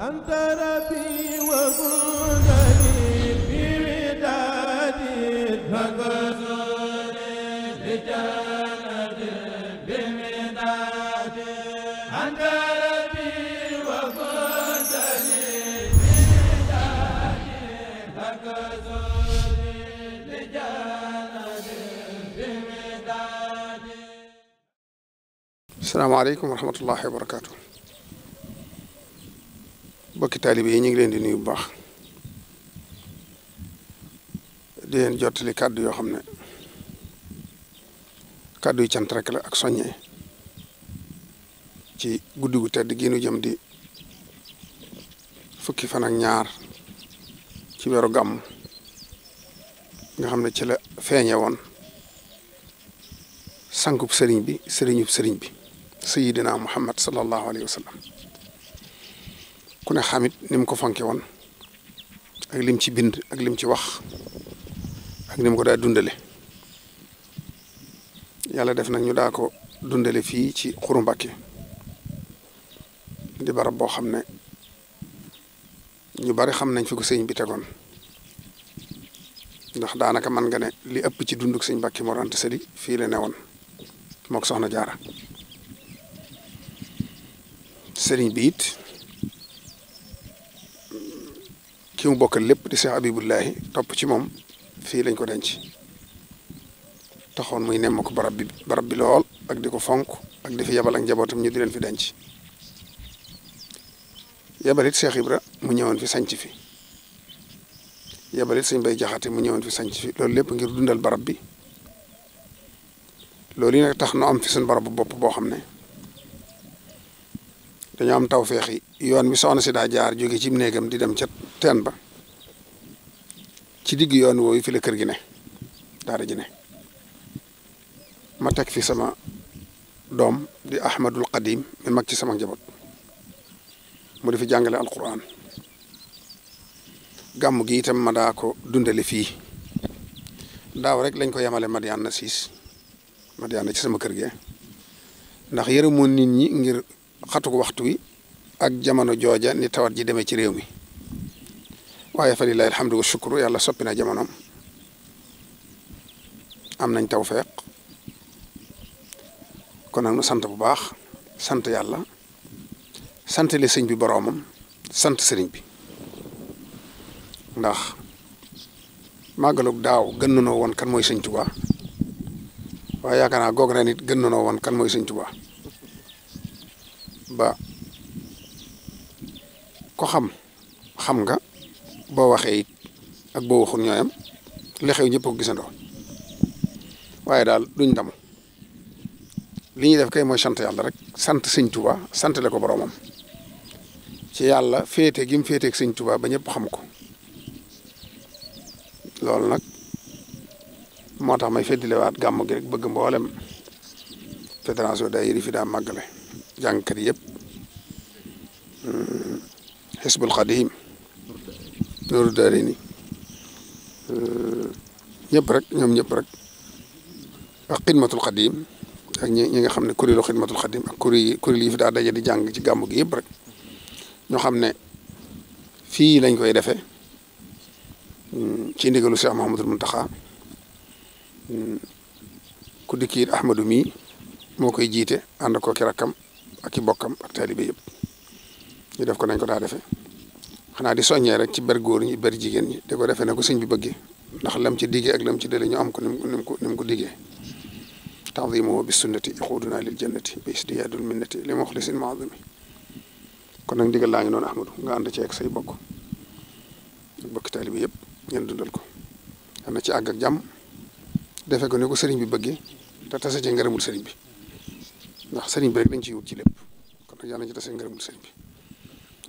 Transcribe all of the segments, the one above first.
أنت ربي ومنذري بوداد فكسر لجلد بمداد أنت ربي ومنذري بوداد فكسر لجلد بمداد السلام عليكم ورحمة الله وبركاته bokki taalibe yi ñu ngi leen di nuy bu baax di leen jottali kàddu yoo xam ne kàddu yu cant la ak soññee ci guddi gu tedd gi nu jëm di fukki fan ak ñaar ci weeru gàmm nga xam ne ci la feeñe woon sankub sëriñ bi sëriñub sëriñ bi sayidina muhammad sallallahu alayhi wa sallam kune xamit ni ko fonke woon ak lim ci bind ak lim ci wax ak ni ko daa dundale yàlla def nag ñu daa ko dundale fii ci xuru Mbàkke di barab boo xam ne ñu bari xam nañ fi ko sëñ bi tegoon ndax daanaka man nga ne li ëpp ci dund sëñ Mbàkke Mor Anta Sali fii la newoon mook soxna jaara sëriñ bi ki mu bokkal lépp di Cheikh Abibullahi topp ci moom fii lañ ko denc taxoon muy nemm ko barab bi barab bi lool ak di ko fonk ak di fi yabal ak njabootam ñu di leen fi denc yabalit Cheikh Ibra mu ñëwoon fi sanc fi yabalit suñ bay jaxate mu ñëwoon fi sanc fi loolu lépp ngir dundal barab bi loolu yi nag tax nu am fi suñ barab bu bopp boo xam ne dañoo am taw yi yoon wi soxna si daa jaar jóge ci néegam di dem ca teen ba ci digg yoon wooyu fi la kër gi ne daara ji ne ma teg fi sama doom di Ahmadul Qadim mi mag ci sama njabot mu di fi jàngale alquran gàmm gi itam ma daa ko dundale fii daaw rek lañ ko yemale Madiana siis Madiana ci sama kër gi ndax yërëmoon nit ñi ngir. xatuk waxtu wi ak jamono jooja ni tawat ji demee ci réew mi waaye fa lillahi alhamdu wa shukru yàlla soppi na am nañ tawfeex kon nag nu sant bu baax sant yàlla sant sëñ bi boroomam sant sëriñ bi ndax màggalug daaw gën nanoo woon kan mooy sëñ Tuubaa waaye yaakaar naa goog ren gën nanoo woon kan mooy sëñ Tuubaa ba ko xam xam nga boo waxee it ak boo waxul ñooyam li xew ko gisandoo waaye daal duñ damu li ñuy def kay mooy sant yàlla rek sant sëñ Tuubaa sant ko boroomam ci yàlla féete gi mu féete ak sëñ Tuubaa ba ñëpp xam ko loolu nag moo tax may féddalewaat gàmm gi rek bëgg mboolem fédération day yi fi daa màggale jàngkat yëpp xisbul eh, xadim nooru daari ni eh, ñëpp rek ñoom ñëpp rek ak xidmatul xadim ak ñi nga xam ne kuréelu xidmatul xadim ak kuréel kuréel yi fi daa daje di jàng ci gàmmu gi yëpp rek ñoo xam ne fii lañ koy defe mm, ci ndigalu Cheikh Mouhamadul Mountakha mm, ku dikkiit Ahmadou mii moo koy jiite ànd ko ki ak i am ak taalibe yëpp ñu def ko nañ ko daa defe xanaa di soñee rek ci ber góor ñi ber jigéen ñi di ko defee na ko sëñ bi bëggee ndax lam ci diggee ak lam ci dële ñu am ko ni mu ko ni mu ko diggee taxdimuhu bi sunnati ixuuduna lil jannati bi isdiyaadul minnati li muxlisin maadimi kon nag ndigal laa ngi noonu ahmadu nga ànd ci ak say bokk ak bokki taalibe yëpp ngeen dundal ko am na ci àgg ak jàmm defe ko ni ko sëriñ bi bëggee te tasa ci ngërëmul sëriñ bi ndax sëriñ bi rek lañ ciy wut ci lépp kon nag yàlla na ci tase ngërëmul sëriñ bi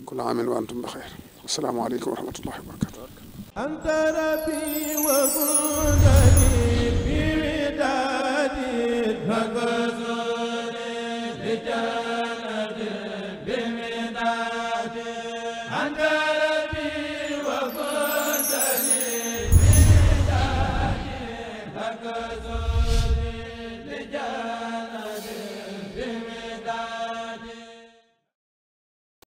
kullu aamin wa antum bi xayr asalaamaaleykum wa rahmatullahi wa barakatu أنت ربي وكنتني بمدادي فكسوني بجنة بمدادي أنت ربي وكنتني بمدادي فكسوني بجنة